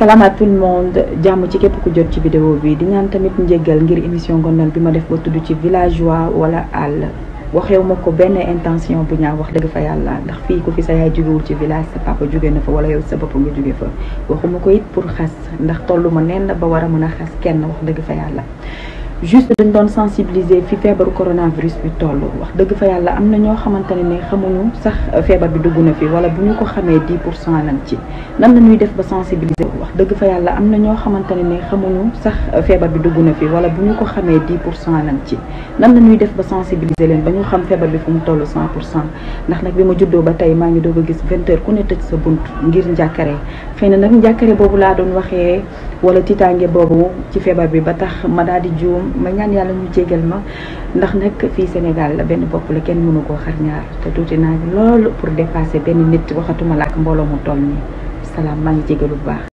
salaam à tout monde jàmm ci képp ku jot ci vidéo bi di ñaan tamit njégal ngir émission ngonal bi ma def ba tudd ci villageois wala àll waxewu ma ko benn intention bu ñaaw wax dëgg fa yàlla ndax fii ko fi sa yaay jógewul ci village sa papa jóge na fa wala yow sa bopp nga jóge fa waxuma ko it pour xas ndax tollu ma nen ba war a mën a xas kenn wax dëgg fa yàlla juste dañ doon sensibiliser fi feebaru coronavirus bi toll wax dëgg fa yàlla am na ñoo xamante ne xamuñu sax feebar bi dugg na fi wala bu ñu ko xamee dix pour cent lañ ci nan la ñuy def ba sensibiliser wax dëgg fa yàlla am na ñoo xamante ne xamuñu sax feebar bi dugg na fi wala bu ñu ko xamee dix pour cent ci nan la ñuy def ba sensibiliser leen ba ñu xam feebar bi fu mu tollu cent cent ndax nag bi ma juddoo ba tey maa ngi doog a gis vingt ku ne tëj sa bunt ngir njàkkare fay na nag njàkkare boobu laa doon waxee wala tiitaange boobu ci feebar bi ba tax ma daal di juum ma ñaan yàlla mu jégal ma ndax nag fii Sénégal la benn bopp la kenn mënu koo xar ñaar te tuuti naa loolu pour dépasser benn nit waxatuma la ak mbooloo mu toll nii salaam maa ngi jégalu bu baax.